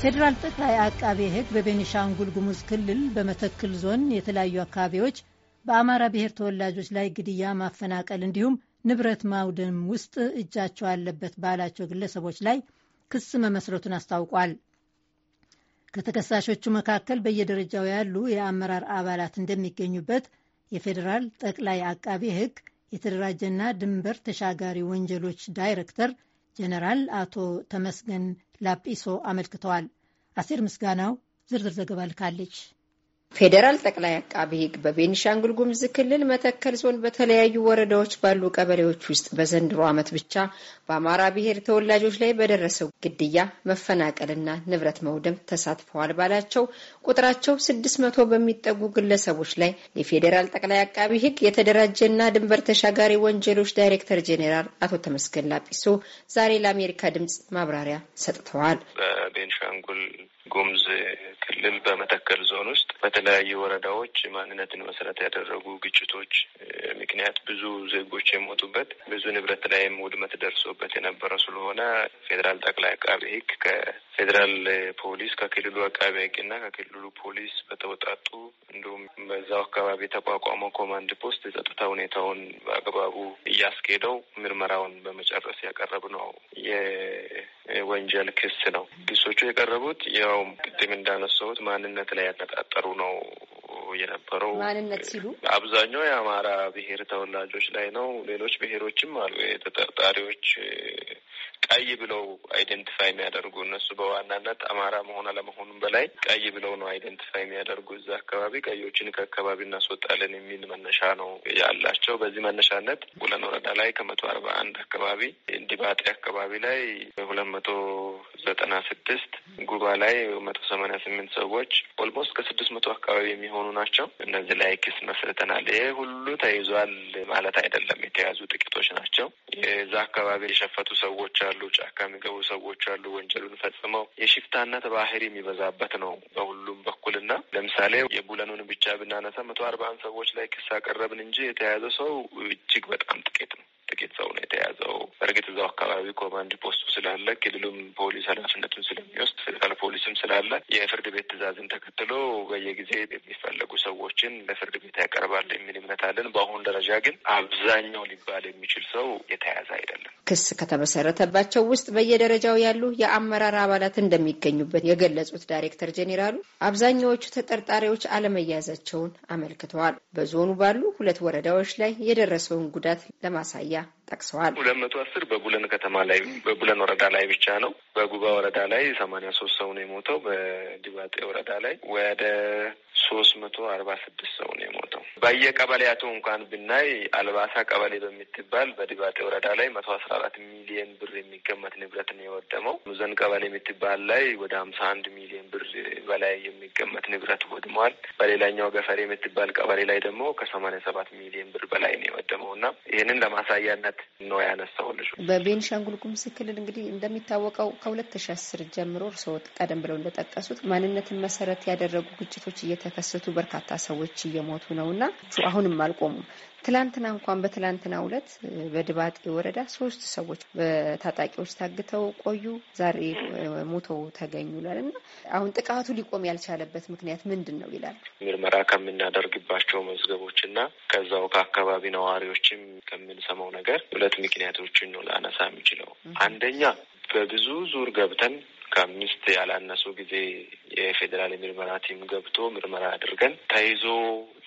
ፌዴራል ጠቅላይ አቃቤ ሕግ በቤኒሻንጉል ጉሙዝ ክልል በመተክል ዞን የተለያዩ አካባቢዎች በአማራ ብሔር ተወላጆች ላይ ግድያ፣ ማፈናቀል እንዲሁም ንብረት ማውደም ውስጥ እጃቸው አለበት ባላቸው ግለሰቦች ላይ ክስ መመስረቱን አስታውቋል። ከተከሳሾቹ መካከል በየደረጃው ያሉ የአመራር አባላት እንደሚገኙበት የፌዴራል ጠቅላይ አቃቤ ሕግ የተደራጀና ድንበር ተሻጋሪ ወንጀሎች ዳይሬክተር ጀነራል አቶ ተመስገን ላጲሶ አመልክተዋል። አሴር ምስጋናው ዝርዝር ዘገባ ልካለች። ፌዴራል ጠቅላይ አቃቢ ሕግ በቤኒሻንጉል ጉሙዝ ክልል መተከል ዞን በተለያዩ ወረዳዎች ባሉ ቀበሌዎች ውስጥ በዘንድሮ ዓመት ብቻ በአማራ ብሔር ተወላጆች ላይ በደረሰው ግድያ፣ መፈናቀልና ንብረት መውደም ተሳትፈዋል ባላቸው ቁጥራቸው ስድስት መቶ በሚጠጉ ግለሰቦች ላይ የፌዴራል ጠቅላይ አቃቢ ሕግ የተደራጀና ድንበር ተሻጋሪ ወንጀሎች ዳይሬክተር ጄኔራል አቶ ተመስገን ላጲሶ ዛሬ ለአሜሪካ ድምጽ ማብራሪያ ሰጥተዋል። በቤኒሻንጉል ጉምዝ ክልል በመተከል ዞን ውስጥ በተለያዩ ወረዳዎች ማንነትን መሰረት ያደረጉ ግጭቶች ምክንያት ብዙ ዜጎች የሞቱበት ብዙ ንብረት ላይም ውድመት ደርሶበት የነበረ ስለሆነ ፌዴራል ጠቅላይ አቃቤ ሕግ ከፌዴራል ፖሊስ ከክልሉ አቃቤ ሕግና ከክልሉ ፖሊስ በተወጣጡ እንዲሁም በዛው አካባቢ የተቋቋመው ኮማንድ ፖስት የጸጥታ ሁኔታውን በአግባቡ እያስኬደው ምርመራውን በመጨረስ ያቀረብ ነው የወንጀል ክስ ነው። ክሶቹ የቀረቡት ያው ቅድም እንዳነሳሁት ማንነት ላይ ያነጣጠሩ ነው የነበረው ማንነት ሲሉ አብዛኛው የአማራ ብሔር ተወላጆች ላይ ነው። ሌሎች ብሔሮችም አሉ የተጠርጣሪዎች ቀይ ብለው አይደንቲፋይ የሚያደርጉ እነሱ በዋናነት አማራ መሆን አለመሆኑም በላይ ቀይ ብለው ነው አይደንቲፋይ የሚያደርጉ። እዛ አካባቢ ቀዮችን ከአካባቢ እናስወጣለን የሚል መነሻ ነው ያላቸው። በዚህ መነሻነት ጉለን ወረዳ ላይ ከመቶ አርባ አንድ አካባቢ እንዲባጤ አካባቢ ላይ ሁለት መቶ ዘጠና ስድስት ጉባ ላይ መቶ ሰማኒያ ስምንት ሰዎች ኦልሞስት ከስድስት መቶ አካባቢ የሚሆኑ ናቸው። እነዚህ ላይ ክስ መስርተናል። ይሄ ሁሉ ተይዟል ማለት አይደለም። የተያዙ ጥቂቶች ናቸው። የዛ አካባቢ የሸፈቱ ሰዎች አሉ፣ ጫካ የሚገቡ ሰዎች አሉ። ወንጀሉን ፈጽመው የሽፍታነት ባህሪ የሚበዛበት ነው በሁሉም በኩልና ለምሳሌ የቡለኑን ብቻ ብናነሳ መቶ አንድ ሰዎች ላይ ክስ አቀረብን እንጂ የተያዘ ሰው እጅግ በጣም ጥቂት ነው። ጥቂት ሰው ነው የተያዘው። በእርግጥ እዛው አካባቢ ኮማንድ ፖስቱ ስላለ ክልሉም ፖሊስ ኃላፊነቱን ስለሚወስድ ፌደራል ፖሊስም ስላለ የፍርድ ቤት ትዕዛዝን ተከትሎ በየጊዜ የሚፈለጉ ሰዎችን ለፍርድ ቤት ያቀርባል የሚል እምነት አለን። በአሁኑ ደረጃ ግን አብዛኛው ሊባል የሚችል ሰው የተያዘ አይደለም። ክስ ከተመሰረተባቸው ውስጥ በየደረጃው ያሉ የአመራር አባላት እንደሚገኙበት የገለጹት ዳይሬክተር ጄኔራሉ አብዛኛዎቹ ተጠርጣሪዎች አለመያዛቸውን አመልክተዋል። በዞኑ ባሉ ሁለት ወረዳዎች ላይ የደረሰውን ጉዳት ለማሳያ ጠቅሰዋል። ሁለት መቶ አስር በቡለን ከተማ ላይ በቡለን ወረዳ ላይ ብቻ ነው። በጉባ ወረዳ ላይ ሰማንያ ሶስት ሰው ነው የሞተው። በዲባጤ ወረዳ ላይ ወደ ሶስት መቶ አርባ ስድስት ሰው ነው በየቀበሌያቱ እንኳን ብናይ አልባሳ ቀበሌ በምትባል በድባጤ ወረዳ ላይ መቶ አስራ አራት ሚሊየን ብር የሚገመት ንብረት ነው የወደመው። ሙዘን ቀበሌ የምትባል ላይ ወደ ሀምሳ አንድ ሚሊየን ብር በላይ የሚገመት ንብረት ወድመዋል። በሌላኛው ገፈሬ የምትባል ቀበሌ ላይ ደግሞ ከሰማንያ ሰባት ሚሊዮን ብር በላይ ነው የወደመው እና ይህንን ለማሳያነት ነው ያነሳሁልሽ። በቤንሻንጉል ጉሙዝ ክልል እንግዲህ እንደሚታወቀው ከሁለት ሺ አስር ጀምሮ እርስዎ ቀደም ብለው እንደጠቀሱት ማንነትን መሰረት ያደረጉ ግጭቶች እየተከሰቱ በርካታ ሰዎች እየሞቱ ነው እና አሁንም አልቆሙም። ትላንትና እንኳን በትላንትና ሁለት በድባጤ ወረዳ ሶስት ሰዎች በታጣቂዎች ታግተው ቆዩ፣ ዛሬ ሞተው ተገኙ ላል እና አሁን ጥቃቱ ሊቆም ያልቻለበት ምክንያት ምንድን ነው ይላል። ምርመራ ከምናደርግባቸው መዝገቦች እና ከዛው ከአካባቢ ነዋሪዎችም ከምንሰማው ነገር ሁለት ምክንያቶችን ነው ላነሳ የሚችለው። አንደኛ በብዙ ዙር ገብተን ከአምስት ያላነሱ ጊዜ የፌዴራል የምርመራ ቲም ገብቶ ምርመራ አድርገን ተይዞ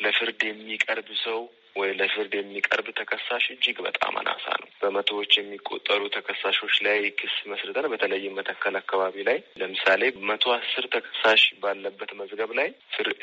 ለፍርድ የሚቀርብ ሰው ወይ ለፍርድ የሚቀርብ ተከሳሽ እጅግ በጣም አናሳ ነው። በመቶዎች የሚቆጠሩ ተከሳሾች ላይ ክስ መስርተን በተለይም መተከል አካባቢ ላይ ለምሳሌ መቶ አስር ተከሳሽ ባለበት መዝገብ ላይ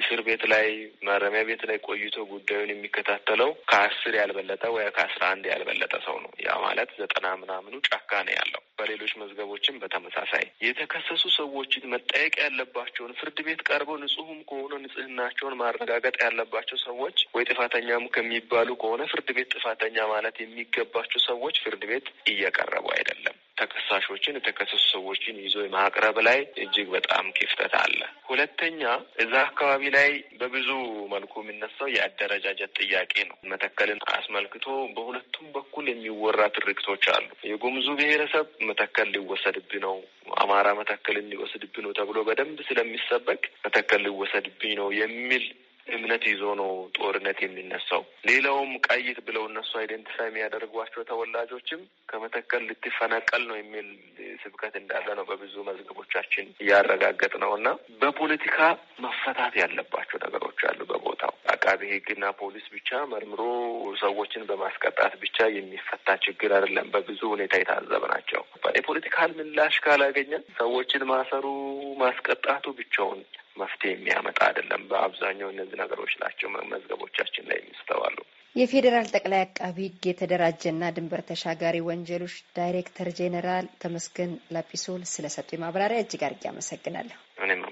እስር ቤት ላይ ማረሚያ ቤት ላይ ቆይቶ ጉዳዩን የሚከታተለው ከአስር ያልበለጠ ወይ ከአስራ አንድ ያልበለጠ ሰው ነው። ያ ማለት ዘጠና ምናምኑ ጫካ ነው ያለው። በሌሎች መዝገቦችም በተመሳሳይ የተከሰሱ ሰዎችን መጠየቅ ያለባቸውን ፍርድ ቤት ቀርበው ንጹህም ከሆነ ንጽህናቸውን ማረጋገጥ ያለባቸው ሰዎች ወይ ጥፋተኛም ከሚ የሚባሉ ከሆነ ፍርድ ቤት ጥፋተኛ ማለት የሚገባቸው ሰዎች ፍርድ ቤት እየቀረቡ አይደለም። ተከሳሾችን የተከሰሱ ሰዎችን ይዞ የማቅረብ ላይ እጅግ በጣም ክፍተት አለ። ሁለተኛ እዛ አካባቢ ላይ በብዙ መልኩ የሚነሳው የአደረጃጀት ጥያቄ ነው። መተከልን አስመልክቶ በሁለቱም በኩል የሚወራ ትርክቶች አሉ። የጉምዙ ብሔረሰብ መተከል ሊወሰድብ ነው፣ አማራ መተከልን ሊወስድብ ነው ተብሎ በደንብ ስለሚሰበክ መተከል ሊወሰድብኝ ነው የሚል እምነት ይዞ ነው ጦርነት የሚነሳው። ሌላውም ቀይት ብለው እነሱ አይደንቲፋይ የሚያደርጓቸው ተወላጆችም ከመተከል ልትፈናቀል ነው የሚል ስብከት እንዳለ ነው በብዙ መዝገቦቻችን እያረጋገጥ ነው እና በፖለቲካ መፈታት ያለባቸው ነገሮች አሉ። በቦታው አቃቢ ሕግና ፖሊስ ብቻ መርምሮ ሰዎችን በማስቀጣት ብቻ የሚፈታ ችግር አይደለም። በብዙ ሁኔታ የታዘብ ናቸው። የፖለቲካል ምላሽ ካላገኘ ሰዎችን ማሰሩ ማስቀጣቱ ብቻውን መፍትሄ የሚያመጣ አይደለም። በአብዛኛው እነዚህ ነገሮች ናቸው መዝገቦቻችን ላይ የሚስተዋሉ። የፌዴራል ጠቅላይ አቃቢ ሕግ የተደራጀና ድንበር ተሻጋሪ ወንጀሎች ዳይሬክተር ጄኔራል ተመስገን ላጲሶል ስለሰጡ ማብራሪያ እጅግ አድርጌ አመሰግናለሁ። እኔም